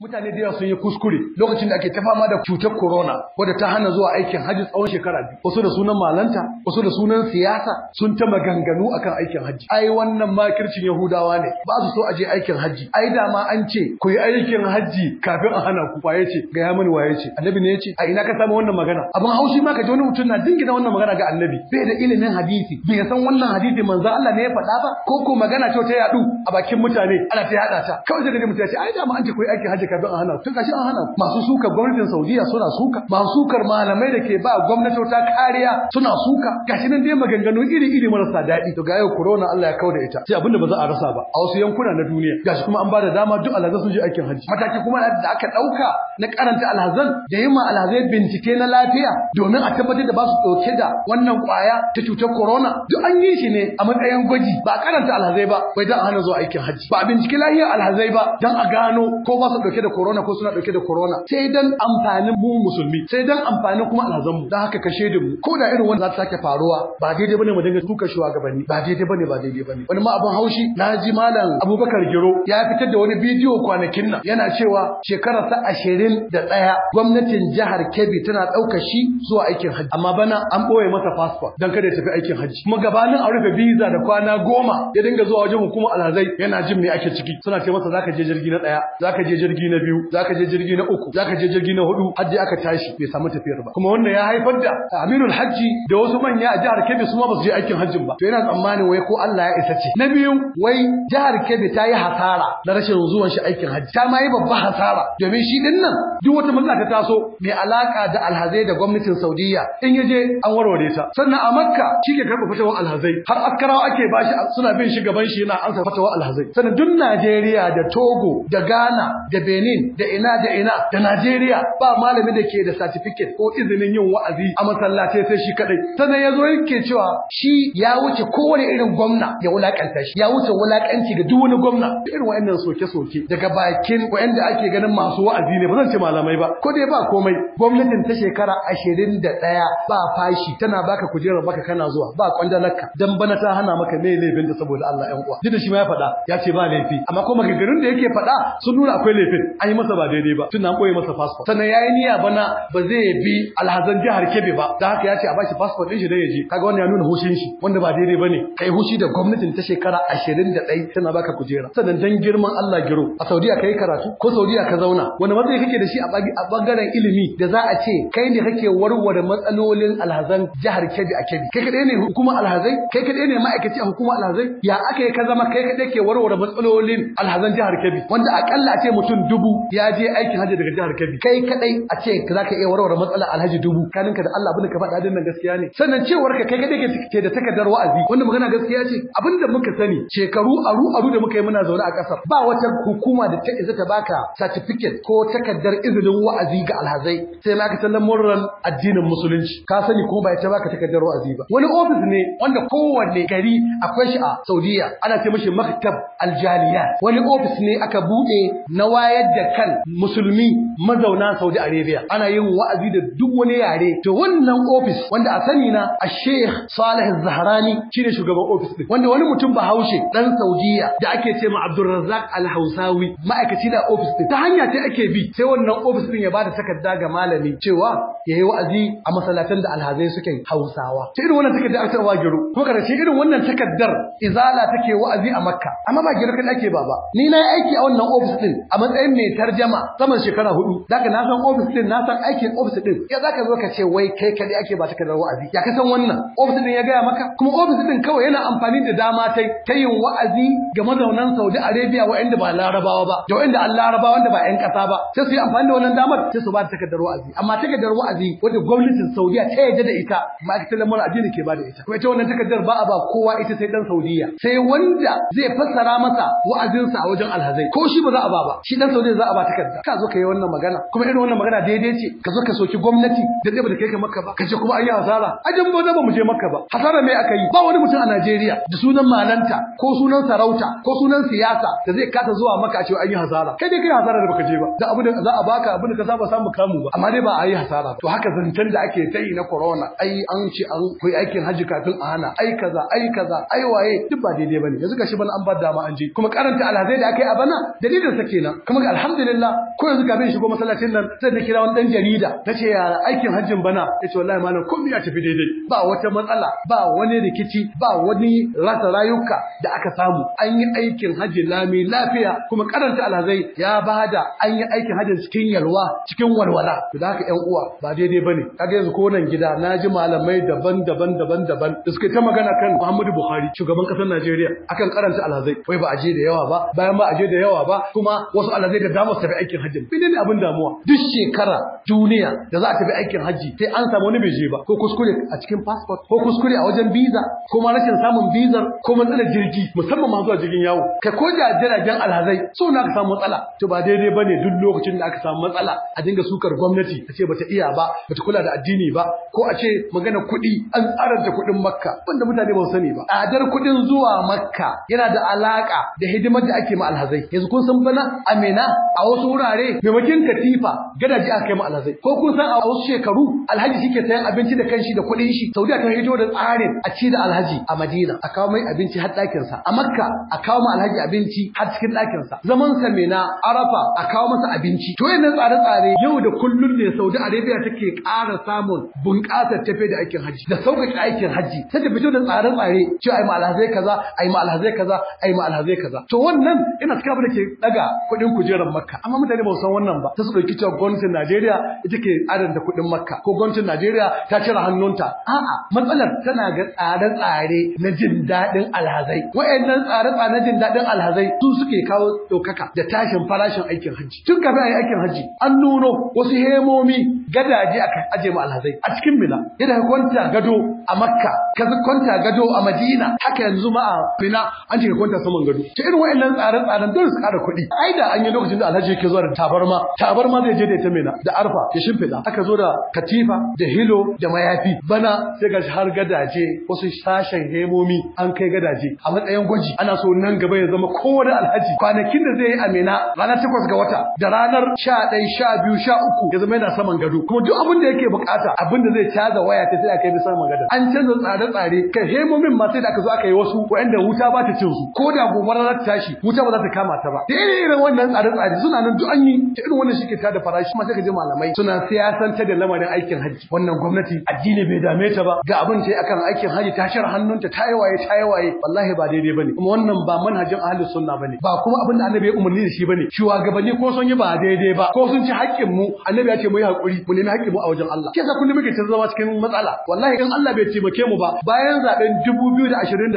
mutane da yawa sun yi kuskure lokacin da ake ta fama da cutar corona wadda ta hana zuwa aikin hajji tsawon shekara biyu wasu da sunan malanta wasu da sunan siyasa sun ta maganganu akan aikin hajji ai wannan makircin yahudawa ne ba su so a je aikin hajji ai da ma an ce ku yi aikin hajji kafin a hana ku waye ce ga ya mani waye ce annabi ne ya ce a ina ka samu wannan magana abin haushi ma ka ji wani mutum na dingina wannan magana ga annabi bai da ilimin hadisi bai san wannan hadisi manzo Allah ne ya faɗa ba ko ko magana ce ta yadu a bakin mutane ana ta yada ta kawai da ya ce ai da ma an ce ku yi aikin hajji ka don hana tun kashi an hana masu suka gwamnatin Saudiya suna suka masu sukar malamai da ke ba ta kariya suna suka gashi nan dai maganganu iri iri marasa daɗi to ga yau corona Allah ya kawo da ita sai abinda ba za a rasa ba a wasu yankuna na duniya gashi kuma an ba da dama duk alhaza sun je aikin hajji mataki kuma da aka ɗauka na karanta alhazan da yi ma alhazai bincike na lafiya domin a tabbatar da ba su ɗauke da wannan kwaya ta cutar corona duk an yi shi ne a matsayin gwaji ba a karanta alhazai ba bai dan hana zuwa aikin hajji ba a bincike lafiyar alhazai ba dan a gano ko ba su ɗauke da corona ko suna ɗauke da corona sai dan amfanin mu musulmi sai dan amfanin kuma alhazan mu don haka kashe da mu ko da irin wanda za ta sake faruwa ba daidai bane mu dinga tuka shugabanni ba daidai bane ba daidai bane wani ma abin haushi na ji malam Abubakar Giro ya fitar da wani bidiyo kwanakin nan yana cewa shekarar sa ashirin arba'in da ɗaya gwamnatin jihar Kebbi tana ɗaukar shi zuwa aikin hajji amma bana an ɓoye masa fasfa don kada ya tafi aikin hajji kuma gabanin a rufe biza da kwana goma ya dinga zuwa wajen hukumar alhazai yana jin me ake ciki suna ce masa zaka je jirgi na ɗaya zaka je jirgi na biyu zaka je jirgi na uku zaka je jirgi na hudu hajji aka tashi bai samu tafiyar ba kuma wannan ya haifar da Aminu hajji da wasu manya a jihar Kebbi su ma ba su je aikin hajjin ba to yana tsammanin wai ko Allah ya isa ce na biyu wai jihar Kebbi ta yi hasara na rashin zuwan shi aikin hajji ta ma yi babba hasara domin shi din nan duk wata matsala ta taso mai alaka da alhazai da gwamnatin Saudiyya in yaje an warware ta sannan a Makka shi ke karɓa fatawar alhazai har askarawa ake ba shi suna bin shi gaban shi yana ansa fatawar alhazai sannan duk Najeriya da Togo da Ghana da Benin da ina da ina da Najeriya ba malami da ke da satifiket ko izinin yin wa'azi a masallatai sai shi kadai sannan zo yake cewa shi ya wuce kowane irin gwamna ya wulakanta shi ya wuce wulakanci ga duk wani gwamna irin wa'annan soke-soke daga bakin wa'anda ake ganin masu wa'azi ne ba zan ce malamai ba ko dai ba komai gwamnatin ta shekara ashirin da ɗaya ba fashi tana baka kujerar baka kana zuwa ba kwandalarka dan bana ta hana maka mai laifin da saboda Allah ƴan uwa duk da shi ma ya faɗa ya ce ba laifi amma kuma maganganun da yake faɗa sun nuna akwai laifin an yi masa ba daidai ba tun an koyi masa fasfo sannan yayi niyya bana ba zai bi alhazan jihar Kebe ba dan haka ya ce a bashi fasfo ɗin shi da ya je kaga wannan ya nuna hushin shi wanda ba daidai bane kai hushi da gwamnatin ta shekara ashirin da ɗaya tana baka kujera sannan dan girman Allah giro a Saudiya kai karatu ko Saudiya ka zauna wani matsayi kake da shi a bangaren ilimi da za a ce kai ne kake warware matsalolin alhazan jihar Kebbi a Kebbi kai kadai ne hukuma alhazai kai kadai ne ma'aikaci a hukuma alhazai ya aka yi ka zama kai kadai ke warware matsalolin alhazan jihar Kebbi wanda akalla a ce mutum dubu ya je aikin hajji daga jihar Kebbi kai kadai a ce za ka iya warware matsalar alhaji dubu kanin ka da Allah abinda ka faɗa dinnan gaskiya ne sannan cewar ka kai kadai ke da takardar wa'azi wanda magana gaskiya ce abin da muka sani shekaru aru aru da muka yi muna zaune a ƙasar ba wata hukuma da ta isa ta baka certificate ko takardar takardar izinin wa'azi ga alhazai sai ma ka san lamurran addinin musulunci ka sani ko ba ita baka takardar wa'azi ba wani ofis ne wanda kowanne gari akwai shi a Saudiya ana ce mashi maktab aljaliyat wani ofis ne aka bude na wayar da kan musulmi mazauna Saudi Arabia ana yin wa'azi da duk wani yare to wannan ofis wanda a sani na a Sheikh Salih Zahrani shine shugaban ofis din wanda wani mutum Bahaushe dan Saudiya da ake ce ma Abdulrazzaq Al-Hausawi ma'aikaci da ofis din ta hanya ta ake bi sai wannan ofis din ya bada takarda ga malami cewa yayi wa'azi a masallatan da alhazai suke Hausawa ta irin wannan takarda aka wa giro ko kada irin wannan takardar izala take wa'azi a Makka amma ba giro kan ake ba ba ni na aiki a wannan ofis din a matsayin mai tarjama saman shekara hudu zaka na san ofis din na san aikin ofis din ya zaka zo ka ce wai kai kadai ake ba takardar wa'azi ya ka san wannan ofis din ya gaya maka kuma ofis din kawai yana amfani da dama ta yin wa'azi ga mazaunan Saudi Arabia waanda ba Larabawa ba da waɗanda an Larabawa wanda ba 'yan kasa ba sai su yi amfani da wannan damar sai su ba da takardar wa'azi amma takardar wa'azi wanda gwamnatin Saudiya ta yarda da ita ma'aikatar lamarin addini ke ba da ita kuma ita wannan takardar ba a ba kowa ita sai dan Saudiya sai wanda zai fassara masa wa'azinsa a wajen alhazai ko shi ba za a ba ba shi dan Saudiya za a ba takarda ka zo ka yi wannan magana kuma irin wannan magana daidai ce ka zo ka soki gwamnati da zai ba da kai ka makka ba ka ce kuma an yi hasara ajin ba ba mu je makka ba hasara mai aka yi ba wani mutum a Najeriya da sunan malanta ko sunan sarauta ko sunan siyasa da zai kasa zuwa maka a ce an yi hasara kai dai kai hasara da baka je ba da abu da za a baka abin da ka saba samu kamu ba amma dai ba a yi hasara to haka zancen da ake ta yi na corona ai an ce an koyi aikin hajji kafin a hana ai kaza ai kaza ai waye duk ba daidai bane yanzu gashi bana an ba dama an je kuma karanta alhazai da aka yi a bana dalilin sa kenan kuma alhamdulillah ko yanzu bin shigo masallacin nan sai na kira wani dan jarida ta ce ya aikin hajjin bana yace wallahi malam komai ya tafi daidai ba wata matsala ba wani rikici ba wani rasa rayuka da aka samu an yi aikin hajji lami lafiya kuma karanta alhazai ya bada an yi aikin cikin yalwa cikin walwala to da haka ƴan uwa ba daidai bane kaga yanzu ko nan gida ji malamai daban-daban daban-daban da suke ta magana kan Muhammadu Buhari shugaban kasar Najeriya akan karanta alhazai wai ba a je da yawa ba bayan ba a je da yawa ba kuma wasu alhazai da dama su tafi aikin hajji menene abin damuwa duk shekara duniya da za a tafi aikin hajji sai an samu wani bai je ba ko kuskure a cikin passport ko kuskure a wajen visa ko ma rashin samun bizar ko matsalar jirgi musamman ma zuwa jirgin yawo kai ko da jiragen alhazai so na ka samu matsala to ba daidai bane duk lokacin da aka samu matsala a dinga sukar gwamnati a ce bata iya ba bata kula da addini ba ko a ce magana kuɗi an tsaranta kuɗin makka wanda mutane ba su sani ba tsadar kuɗin zuwa makka yana da alaka da hidimar da ake ma alhazai yanzu kun san bana amina a wasu wurare maimakin katifa ji aka kai ma alhazai ko kun san a wasu shekaru alhaji shi sayan abinci da kanshi da kuɗin shi saudiya ta hito da tsarin a ci da alhaji a madina a kawo mai abinci har ɗakinsa a makka a kawo ma alhaji abinci har cikin ɗakinsa zaman sa mena arafa a kawo masa abinci To yanzu tsare-tsare yau da kullum ne Saudi Arabia take ƙara samun bunƙasar tafe da aikin hajji da sauƙaƙe aikin hajji sai ta fito da tsare-tsare cewa ai ma alhazai kaza ai ma alhazai kaza ai ma alhazai kaza. To wannan ina suka abin da ke daga kuɗin kujerar Makka amma mutane ba su san wannan ba. Ta su ɗauki cewa gwamnatin Najeriya ita ke adanta kuɗin Makka ko gwamnatin Najeriya ta cire hannunta. A'a matsalar tana ga tsare-tsare na jin daɗin alhazai. Wa'annan tsare-tsare na jin daɗin alhazai su suke kawo ɗaukaka da tashin farashin aikin hajji. Tun kafin a aikin haji an nuno wasu hemomi gadaje aka aje mu alhazai a cikin mina yadda ka kwanta gado a makka ka kwanta gado a madina haka yanzu ma a fina an ce ka kwanta saman gado ta irin wa'annan tsare tsaren dole su kara kuɗi ai da an yi lokacin da alhaji yake zuwa da tabarma tabarma zai je da ita mina da arfa ya shimfiɗa aka zo da katifa da hilo da mayafi bana sai ga har gadaje wasu sashen hemomi an kai gadaje a matsayin gwaji ana so nan gaba ya zama kowane alhaji kwanakin da zai yi a mina ranar takwas ga wata da ranar sha ɗaya sha biyu sha uku ya zama yana saman gado kuma duk abin da yake bukata abin da zai caza waya ta sai aka yi saman gado an canza tsare-tsare kai hemomin ma sai da aka zo aka yi wasu wa'anda wuta ba ta cin su ko da gobara za ta tashi wuta ba za ta kama ta ba da irin wannan tsare-tsare suna nan duk an yi ta irin wannan shike ta da farashi kuma sai ka je malamai suna siyasanta da lamarin aikin hajji wannan gwamnati addini bai dame ta ba ga abin ta akan aikin hajji ta shar hannunta ta yawaye ta yawaye wallahi ba daidai bane kuma wannan ba manhajin ahlus sunna bane ba kuma abin da annabi ya umarni da shi bane shugabanni ko son yi ba daidai daidai ba ko sun ci haƙƙin mu annabi ya ce mu yi haƙuri mu nemi haƙƙin mu a wajen Allah kisa kullum muke ta zama cikin matsala wallahi in Allah bai taimake mu ba bayan zaben 2023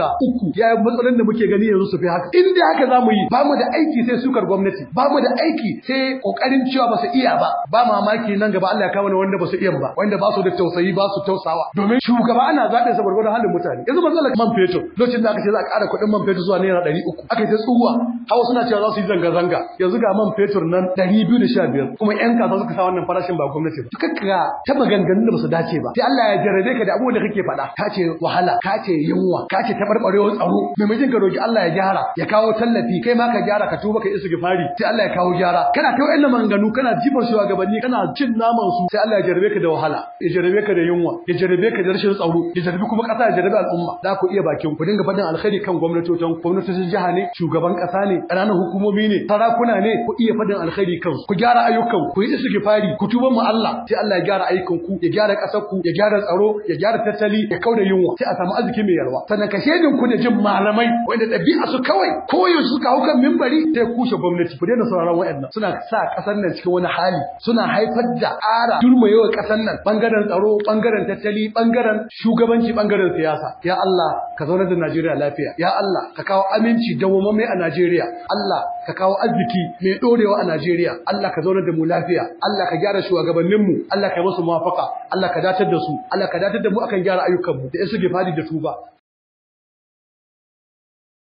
ya yi matsalolin da muke gani yanzu su fi haka in dai haka zamu yi ba mu da aiki sai sukar gwamnati ba mu da aiki sai kokarin cewa ba su iya ba ba mamaki nan gaba Allah ya kawo wanda ba su iya ba wanda ba su da tausayi ba su tausawa domin shugaba ana zaɓe sa gwargwadon halin mutane yanzu matsalar man fetur lokacin da aka ce za a ƙara kuɗin man fetur zuwa naira 300 aka yi ta tsuwa hawa suna cewa za su yi zanga-zanga yanzu ga man fetur nan ɗari 2015 kuma yan kasuwa suka sa wannan farashin ba gwamnati ba to kakka ta maganganun da ba su dace ba sai Allah ya jarrabe ka da abubuwan da kake faɗa ka ce wahala ka ce yunwa ka ce taɓarɓarewar tsaro maimakon ka roki Allah ya gyara ya kawo tallafi kai ma ka gyara ka tuba ka isu gifari sai Allah ya kawo gyara kana kai wa'annan maganganu kana jibar su gabanni kana cin naman su sai Allah ya jarrabe ka da wahala ya jarrabe ka da yunwa ya jarrabe ka da rashin tsaro ya jarabe kuma ƙasa ya jarabe al'umma za ku iya bakin ku dinga faɗin alkhairi kan gwamnatocin gwamnatocin jiha ne shugaban ƙasa ne ƙananan hukumomi ne sarakuna ne ku iya faɗin alkhairi kan ku gyara ayyukan ku yi istighfari ku tuba mu Allah sai Allah ya gyara ayyukan ku ya gyara kasar ku ya gyara tsaro ya gyara tattali ya kauda yunwa sai a samu arziki mai yalwa sannan ka shedin ku da jin malamai wanda dabi'a su kawai koyo su kawo kan minbari sai kushe gwamnati ku daina sauraron wayannan suna sa kasar nan cikin wani hali suna haifar da ƙara durmayewa kasar nan bangaren tsaro bangaren tattali bangaren shugabanci bangaren siyasa ya Allah ka zaunar da Najeriya lafiya ya Allah ka kawo aminci dawwamamme a Najeriya Allah ka kawo arziki mai dorewa a Najeriya Allah ka zaunar da mu lafiya Allah ka gyara shugabanninmu. mu Allah ka yi musu mafaka Allah ka datar da su Allah ka datar da mu akan gyara ayyukanmu mu da suke fadi da tuba